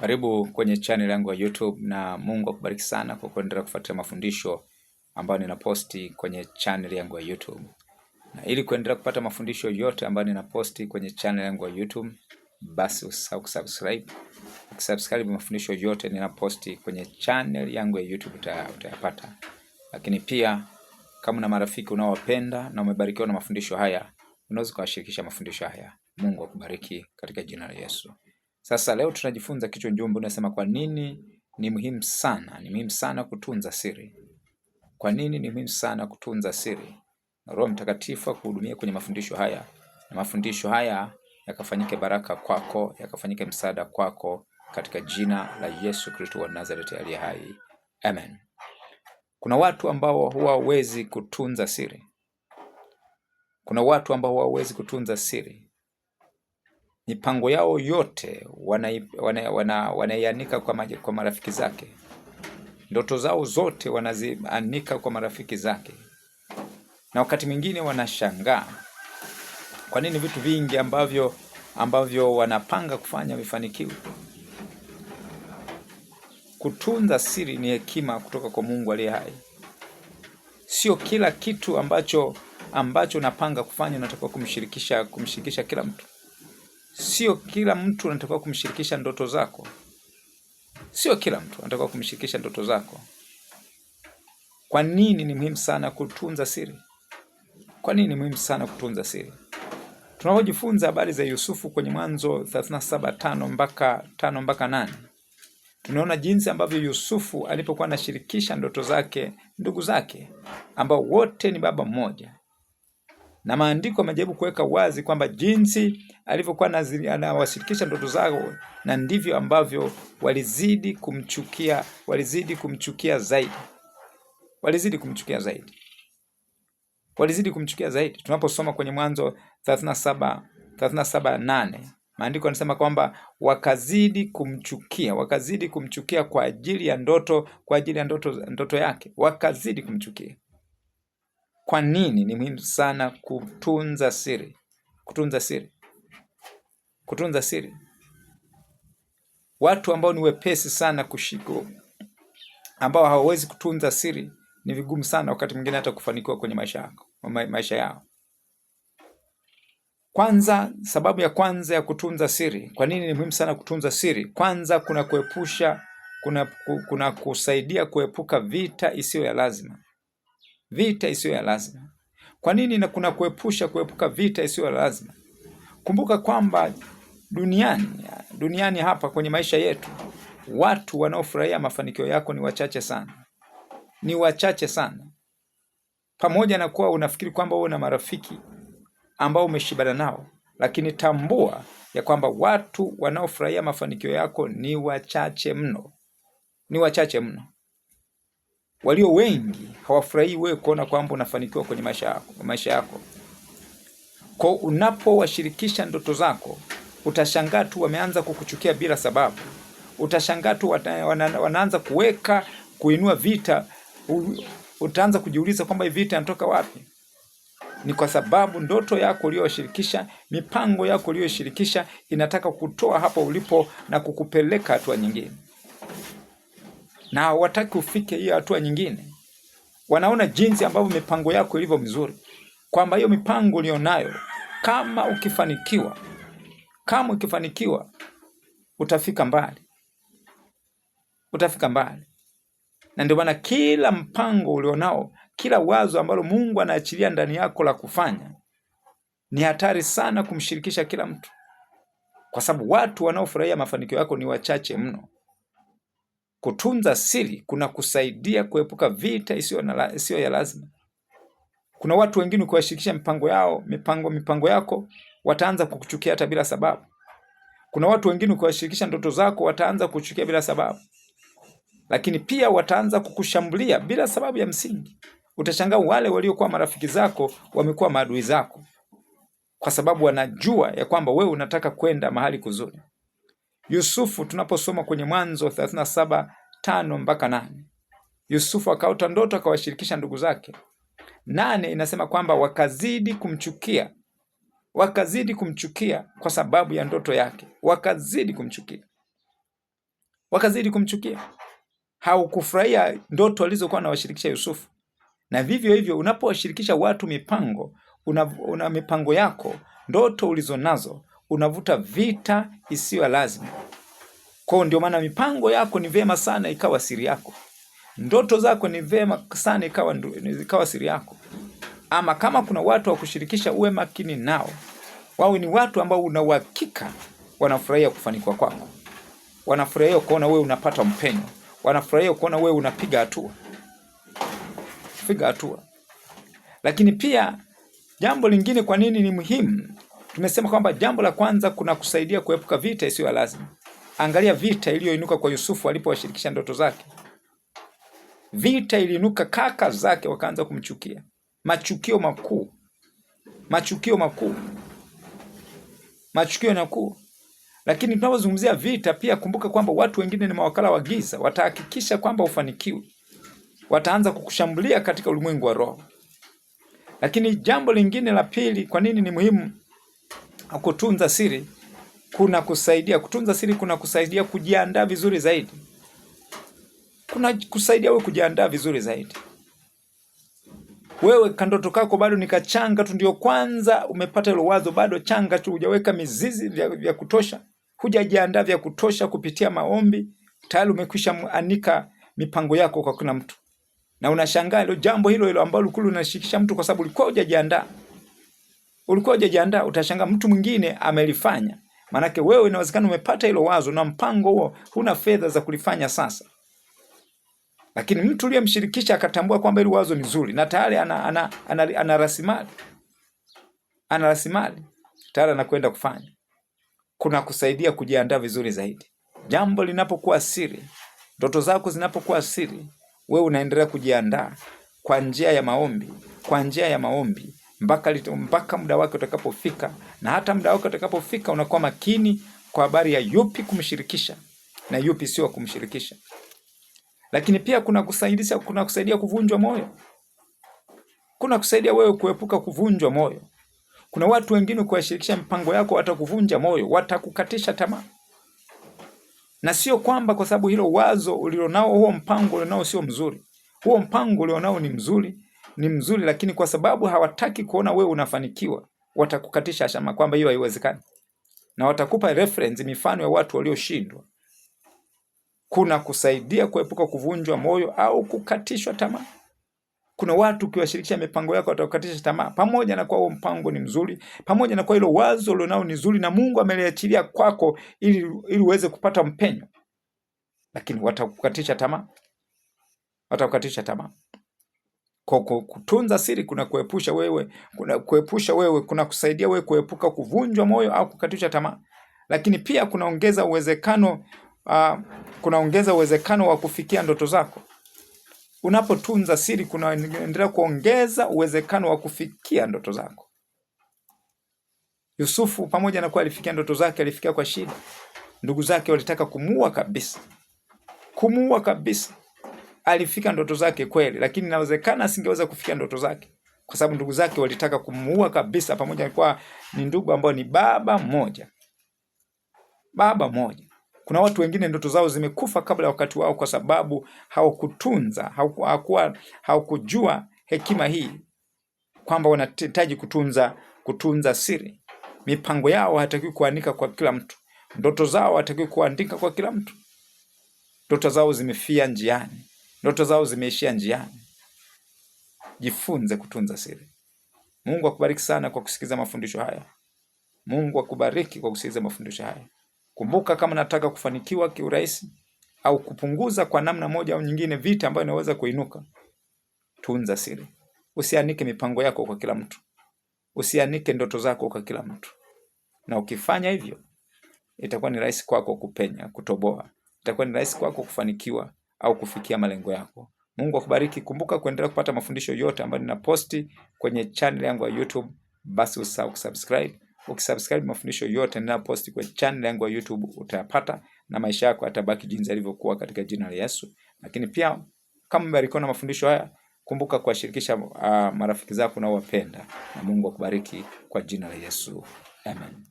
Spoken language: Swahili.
Karibu kwenye channel yangu ya YouTube na Mungu akubariki sana kwa kuendelea kufuatilia mafundisho ambayo ninaposti kwenye channel yangu ya YouTube. Na ili kuendelea kupata mafundisho yote ambayo ninaposti kwenye channel yangu ya YouTube, basi usisahau kusubscribe. Ukisubscribe mafundisho yote ninaposti kwenye channel yangu ya YouTube utayapata. Lakini pia kama na marafiki unaowapenda na umebarikiwa na mafundisho haya, unaweza kuwashirikisha mafundisho haya. Mungu akubariki katika jina la Yesu. Sasa leo tunajifunza kichwa jumbe unasema kwa nini ni muhimu sana, ni muhimu sana kutunza siri. Kwa nini ni muhimu sana kutunza siri? Roho Mtakatifu akuhudumia kwenye mafundisho haya na mafundisho haya yakafanyike baraka kwako, yakafanyike msaada kwako katika jina la Yesu Kristo wa Nazareti aliye hai. Amen. Kuna watu ambao hawawezi kutunza siri. Kuna watu ambao hawawezi kutunza siri mipango yao yote wanaianika wana, wana, wana kwa, kwa marafiki zake. Ndoto zao zote wanazianika kwa marafiki zake, na wakati mwingine wanashangaa kwa nini vitu vingi ambavyo ambavyo wanapanga kufanya vifanikiwe. Kutunza siri ni hekima kutoka kwa Mungu aliye hai. Sio kila kitu ambacho ambacho unapanga kufanya unatakiwa kumshirikisha kumshirikisha kila mtu. Sio kila mtu anatakiwa kumshirikisha ndoto zako, sio kila mtu anatakiwa kumshirikisha ndoto zako. Kwa nini ni muhimu sana kutunza siri? Kwa nini ni muhimu sana kutunza siri? Tunapojifunza habari za Yusufu kwenye Mwanzo 37:5 mpaka tano mpaka nane tunaona jinsi ambavyo Yusufu alipokuwa anashirikisha ndoto zake ndugu zake ambao wote ni baba mmoja, na maandiko yamejaribu kuweka wazi kwamba jinsi alivyokuwa anawashirikisha ndoto zao, na ndivyo ambavyo walizidi kumchukia, walizidi kumchukia zaidi, walizidi kumchukia zaidi, walizidi kumchukia zaidi. Tunaposoma kwenye Mwanzo 37 37 maandiko yanasema kwamba wakazidi kumchukia, wakazidi kumchukia kwa ajili ya ndoto, kwa ajili ya ndoto, ndoto yake, wakazidi kumchukia. Kwa nini ni muhimu sana kutunza siri? Kutunza siri, kutunza siri. Watu ambao ni wepesi sana kushiko, ambao hawawezi kutunza siri, ni vigumu sana wakati mwingine hata kufanikiwa kwenye maisha yako, maisha yao. Kwanza, sababu ya kwanza ya kutunza siri, kwa nini ni muhimu sana kutunza siri? Kwanza, kuna kuepusha, kuna, kuna kusaidia kuepuka vita isiyo ya lazima vita isiyo ya lazima. Kwa nini? Na kuna kuepusha kuepuka vita isiyo ya lazima. Kumbuka kwamba duniani duniani hapa kwenye maisha yetu watu wanaofurahia mafanikio yako ni wachache sana, ni wachache sana. Pamoja na kuwa unafikiri kwamba wewe una marafiki ambao umeshibana nao, lakini tambua ya kwamba watu wanaofurahia mafanikio yako ni wachache mno, ni wachache mno walio wengi hawafurahii wewe kuona kwamba unafanikiwa kwenye maisha yako, maisha yako. Kwa unapowashirikisha ndoto zako, utashangaa tu wameanza kukuchukia bila sababu. Utashangaa tu wanaanza kuweka kuinua vita. Utaanza kujiuliza kwamba hivi vita inatoka wapi? Ni kwa sababu ndoto yako uliyoshirikisha mipango yako uliyoshirikisha inataka kutoa hapo ulipo na kukupeleka hatua nyingine na hawataki ufike hiyo hatua nyingine. Wanaona jinsi ambavyo mipango yako ilivyo mizuri, kwamba hiyo mipango ulionayo kama ukifanikiwa, kama ukifanikiwa utafika mbali, utafika mbali. Na ndio maana kila mpango ulionao, kila wazo ambalo Mungu anaachilia ndani yako la kufanya, ni hatari sana kumshirikisha kila mtu, kwa sababu watu wanaofurahia mafanikio yako ni wachache mno. Kutunza siri kuna kusaidia kuepuka vita isiyo na isiyo ya lazima. Kuna watu wengine ukiwashirikisha mipango yao mipango mipango yako wataanza kukuchukia hata bila sababu. Kuna watu wengine ukiwashirikisha ndoto zako wataanza kukuchukia bila sababu, lakini pia wataanza kukushambulia bila sababu ya msingi. Utashangaa wale waliokuwa marafiki zako wamekuwa maadui zako, kwa sababu wanajua ya kwamba wewe unataka kwenda mahali kuzuri. Yusufu tunaposoma kwenye Mwanzo 37 tano mpaka nane, Yusufu akaota ndoto akawashirikisha ndugu zake. Nane inasema kwamba wakazidi kumchukia, wakazidi kumchukia kwa sababu ya ndoto yake, wakazidi kumchukia, wakazidi kumchukia. Haukufurahia ndoto alizokuwa anawashirikisha Yusufu. Na vivyo hivyo unapowashirikisha watu mipango una, una mipango yako, ndoto ulizonazo unavuta vita isiyo lazima. hiyo ndio maana mipango yako ni vema sana ikawa siri yako, ndoto zako ni vema sana ikawa, ikawa siri yako. Ama kama kuna watu wa kushirikisha, uwe makini nao, wawe ni watu ambao una uhakika wanafurahia kufanikiwa kwako, wanafurahia kuona wewe unapata mpenyo, wanafurahia kuona wewe unapiga hatua piga hatua. Lakini pia jambo lingine, kwa nini ni muhimu tumesema kwamba jambo la kwanza kuna kusaidia kuepuka vita isiyo lazima. Angalia vita iliyoinuka kwa Yusufu alipowashirikisha ndoto zake. Vita iliinuka, kaka zake wakaanza kumchukia, machukio makuu, machukio makuu, machukio makuu. Lakini tunapozungumzia vita, pia kumbuka kwamba watu wengine ni mawakala wa giza, watahakikisha kwamba ufanikiwi, wataanza kukushambulia katika ulimwengu wa roho. Lakini jambo lingine la pili, kwa nini ni muhimu kutunza siri kuna kusaidia kutunza siri kuna kusaidia kujiandaa vizuri zaidi, kuna kusaidia wewe kujiandaa vizuri zaidi. Wewe kandoto kako bado ni kachanga tu, ndio kwanza umepata ile wazo, bado changa tu, hujaweka mizizi vya, vya kutosha, hujajiandaa vya kutosha kupitia maombi, tayari umekwisha anika mipango yako kwa kuna mtu, na unashangaa hilo jambo hilo hilo ambalo kulikuwa unashikisha mtu, kwa sababu ulikuwa hujajiandaa ulikuwa hujajiandaa, utashanga mtu mwingine amelifanya. Maanake wewe inawezekana umepata hilo wazo na mpango huo, huna fedha za kulifanya sasa, lakini mtu uliyemshirikisha akatambua kwamba hili wazo ni zuri na tayari ana, ana, ana, ana, ana rasilimali ana rasilimali tayari anakwenda kufanya, kuna kusaidia kujiandaa vizuri zaidi. Jambo linapokuwa siri, ndoto zako zinapokuwa siri, wewe unaendelea kujiandaa kwa njia ya maombi, kwa njia ya maombi mpaka mpaka muda wake utakapofika, na hata muda wake utakapofika unakuwa makini kwa habari ya yupi kumshirikisha na yupi sio kumshirikisha. Lakini pia kuna kusaidia, kuna kusaidia kuvunjwa moyo, kuna kusaidia wewe kuepuka kuvunjwa moyo. Kuna watu wengine kuwashirikisha mipango yako watakuvunja moyo, watakukatisha tamaa, na sio kwamba kwa sababu hilo wazo ulilonao, huo mpango ulionao sio mzuri. Huo mpango ulionao ni mzuri ni mzuri, lakini kwa sababu hawataki kuona wewe unafanikiwa, watakukatisha shama kwamba hiyo haiwezekani, na watakupa reference, mifano ya watu walioshindwa. Kuna kusaidia kuepuka kuvunjwa moyo au kukatishwa tamaa. Kuna watu ukiwashirikisha mipango yako watakukatisha tamaa, pamoja na kuwa mpango ni mzuri, pamoja na kuwa hilo wazo ulionao ni zuri na Mungu ameliachilia kwako ili, ili uweze kupata mpenyo, lakini watakukatisha tamaa, watakukatisha tamaa kutunza siri kuna kuepusha wewe kuna kuepusha wewe kuna kusaidia wewe kuepuka kuvunjwa moyo au kukatisha tamaa, lakini pia kunaongeza uwezekano uh, kunaongeza uwezekano wa kufikia ndoto zako. Unapotunza siri kunaendelea kuongeza uwezekano wa kufikia ndoto zako. Yusufu pamoja na kuwa alifikia ndoto zake, alifikia kwa shida. Ndugu zake walitaka kumuua kabisa, kumuua kabisa, alifika ndoto zake kweli, lakini inawezekana asingeweza kufikia ndoto zake kwa sababu ndugu zake walitaka kumuua kabisa, pamoja alikuwa ni ndugu ambao ni baba mmoja, baba mmoja. Kuna watu wengine ndoto zao zimekufa kabla ya wakati wao, kwa sababu hawakutunza, hawakuwa, hawakujua hekima hii kwamba wanahitaji kutunza, kutunza siri. Mipango yao hatakiwi kuandika kwa kila mtu, ndoto zao hatakiwi kuandika kwa kila mtu. Ndoto zao zimefia njiani. Ndoto zao zimeishia njiani. Jifunze kutunza siri. Mungu akubariki sana kwa kusikiliza mafundisho haya. Mungu akubariki kwa kusikiliza mafundisho haya. Kumbuka, kama nataka kufanikiwa kiurahisi au kupunguza kwa namna moja au nyingine vita ambayo inaweza kuinuka, tunza siri. Usianike mipango yako kwa kila mtu, usianike ndoto zako kwa kila mtu, na ukifanya hivyo itakuwa ni rahisi kwako kupenya, kutoboa. Itakuwa ni rahisi kwako kufanikiwa au kufikia malengo yako. Mungu akubariki. Kumbuka kuendelea kupata mafundisho yote ambayo ninaposti kwenye channel yangu ya YouTube, basi usahau kusubscribe. Ukisubscribe mafundisho yote ninaposti kwenye channel yangu ya YouTube utayapata na maisha yako yatabaki jinsi yalivyokuwa katika jina la Yesu. Lakini pia kama umebarikiwa na mafundisho haya, kumbuka kuwashirikisha uh, marafiki zako unaowapenda, na Mungu akubariki kwa jina la Yesu. Amen.